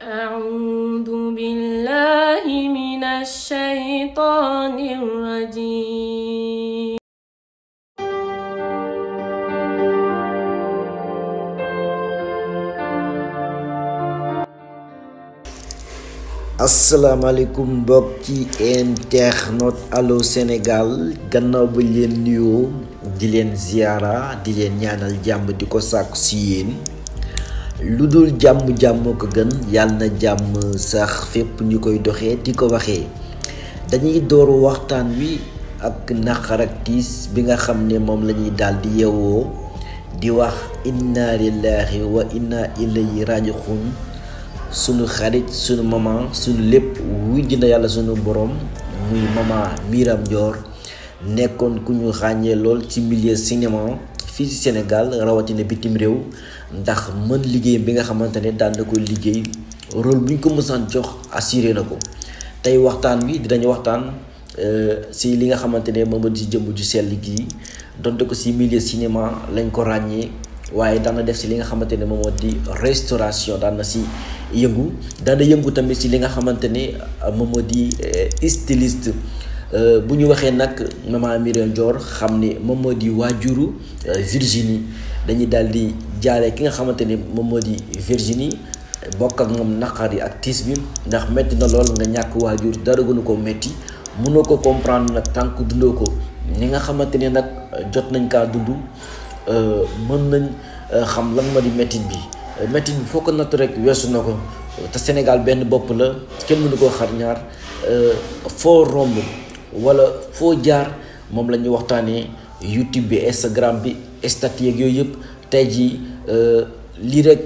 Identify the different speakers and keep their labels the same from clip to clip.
Speaker 1: أعوذ بالله من ci internet Allô Sénégal gannaaw ba leen nuyoo di leen ziyaara di leen ñaanal jàmm di ko sàkku ci yéen lu dul jàmm jàmmoo ko gën yàlla na jàmm sax fépp ñu koy doxee di ko waxee dañuy dooru waxtaan wi ak naqar bi nga xam ne moom lañuy ñuy daal di yeewoo di wax inna lillahi wa inna ilayhi raji'un sunu xarit sunu maman sunu lépp wujj na yàlla sunu borom muy maman Miram Dior nekkoon ku ñu xàññee lool ci milieu cinéma fii ci Sénégal rawatina bitim réew ndax mën liggéeyam bi nga xamante ne daan na ko liggéey role bu ñu ko mësaan jox assuré na ko tey waxtaan wi dinañu waxtaan euh, si li nga xamante ne moom di jëmb ju sell gii donte ko si milieu cinéma lañ ko ràññee waaye daan def si li nga xamante ne moom di restauration daan na ci yëngu daan na yëngu tamit ci li nga xamante ne moom euh, Euh, bu ñu waxee nag maman Myriam Dior xam ni moom moo di waajuru euh, Virginie dañuy daal di jaale ki nga xamante ni moom moo di Virginie bokk ak moom naqar yi ak tiis bi ndax métti na lool nga ñàkk waajur dara gënu ko métti mënoo ko comprendre nag tànk dundoo ko ñi nga xamante ni nag euh, jot nañ kaa dund mën nañ xam lan moo di métti bi métti bi foo ko natt rek weesu na ko te Sénégal benn bopp la kenn mënu ko xar ñaar foo romb. wala foo jaar moom la ñuy waxtaanee YouTube bi Instagram bi statut yeeg yooyu yëpp tey jii euh, lii rek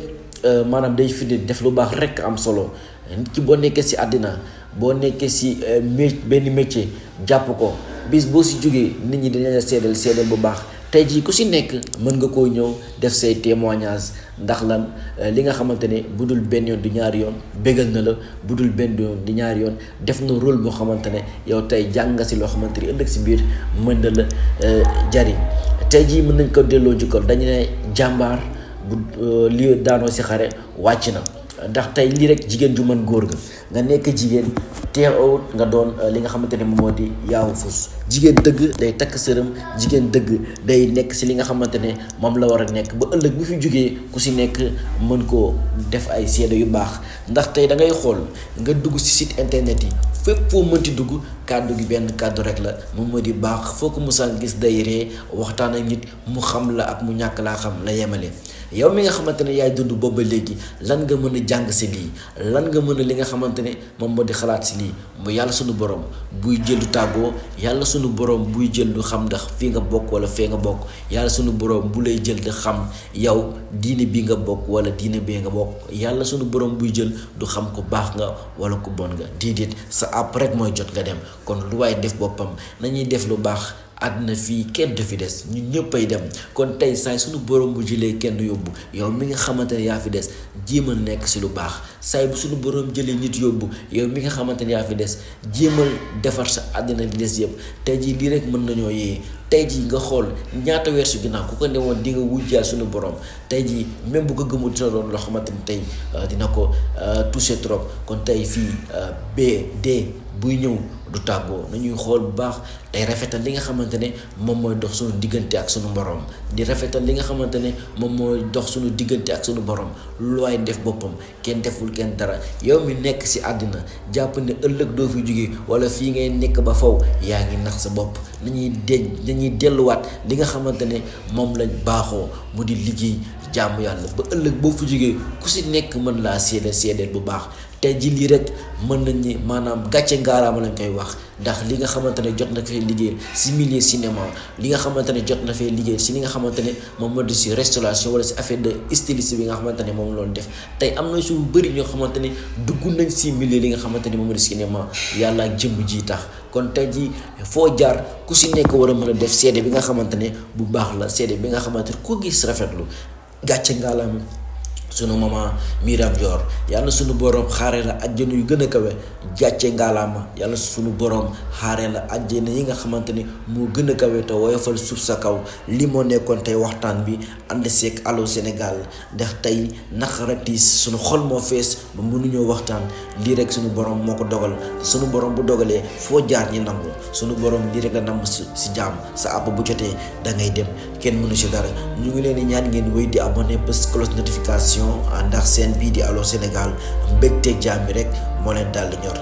Speaker 1: euh, maanaam day firnde def lu baax rek am solo nit ki boo nekkee si àddina boo nekkee si euh, mé benn métier jàpp ko bis boo si jógee nit ñi dinañ la seedal seedal bu baax. tey jii ku si nekk mën nga koo ñëw def say témoignage ndax lan euh, li nga xamante ne bu dul benn yoon di ñaari yoon bégal na la bu dul benn di ñaari yoon def na rôle boo xamante ne yow tey jàng nga si loo xamante ni ëllëg si biir mën na la euh, jari tey jii mën nañ ko delloo jukkal dañu ne jàmbaar bu euh, li daanoo si xare wàcc na ndax tey lii rek jigéen ju mën góor nga nga nekk jigéen teewut nga doon euh, li nga xamante ne moom moo di yaawu fus jigéen dëgg day takk sëram jigéen dëgg day nekk si li nga xamante ne moom la war a nekk ba ëllëg bu fi jógee ku si nekk mën koo def ay seede yu baax ndax tey da ngay xool nga dugg si site internet yi fépp foo mënti dugg kàddu gi benn kàddu rek la moom moo di baax foo ko musa gis day ree waxtaan ak nit mu xam la ak mu ñàkk laa xam la yemale yow mi nga xamante ne yaay dund ba léegi lan nga mën a jàng si lii lan nga mën a li nga xamante ne moom moo di xalaat si lii mu yàlla sunu borom buy jël du yàlla sunu borom buy jël du xam ndax fii nga bokk wala fee nga bokk yàlla sunu borom bu lay jël di xam yow diine bi nga bokk wala diine bee nga bokk yàlla sunu borom buy jël du xam ko baax nga wala ku bon nga déedéet sa àpp mooy jot nga dem kon lu waaye def boppam nañuy def lu baax àddina fii kenn du fi des ñun ñëpp ay dem kon tey saay suñu borom bu jëlee kenn yóbbu yow mi nga xamante ne yaa fi des jéemal nekk si lu baax saay bu suñu borom jëlee nit yóbbu yow mi nga xamante ne yaa fi des jéemal defar sa àddina di des yëpp tey jii lii rek mën nañoo yee tey jii nga xool ñaata weer su ginnaaw ku ko newoon di nga wujjaal suñu borom tey ji même bu ko gëmul dina doon loo xamante ni tey euh, dina ko euh, touché trop kon tey fii euh, BD. buy ñëw du tàggoo nañuy xool bu baax tey rafetal li nga xamante ne moom mooy dox suñu diggante ak sunu borom di rafetal li nga xamante ne moom mooy dox suñu diggante ak suñu borom lu waay def boppam kenn deful kenn dara yow mi nekk ci àddina jàpp ne ëllëg doo fi jóge walla fii ngay nekk ba faw yaa ngi nax sa bopp nañuy dej nañuy delluwaat li nga xamante ne moom lañ baaxoo mu di liggéey jàmm yàlla ba ëllëg boo fi jógee ku si nekk mën laa seede seedeel bu baax tey ji lii rek mën nañ ni maanaam gàcce ngaaraama lañ koy wax ndax li nga xamante ne jot na fee liggéey si milieu li nga xamante ne jot na fee liggéey si li nga xamante ne moom moo di si restauration wala si affaire de styliste bi nga xamante ne moom loolu def tey am na su bëri ñoo xamante ne dugg nañ si milieu nga xamante ne moom moo di cinéma yàlla ak jëmm ji tax kon tey ji foo jaar ku si nekk war a mën a def seede bi nga xamante ne bu baax la seede bi nga xamante ne ku gis rafetlu gàcce ngaalaama sunu maman Miram yàlla sunu borom xaaree la àjjana yu gën a kawe jàcce ngaalaama yàlla suñu borom xaaree la àjjana yi nga xamante ni moo gën a kawe te woyofal suuf sa kaw lii moo nekkoon tey waxtaan bi ànd seeg Allô Sénégal ndax tey naqaratis sunu xol moo fees ba mënuñoo waxtaan lii rek sunu borom moo ko dogal te sunu borom bu dogalee foo jaar ñi nangu sunu borom lii rek la namm si si jaam sa àpp bu jotee da ngay dem kenn mënu si dara ñu ngi leen di ñaan ngeen wéy di abonné bés notification. ndax seen bii di Allô Sénégal mbégteeg jàmm bi rek moo leen daal di ñor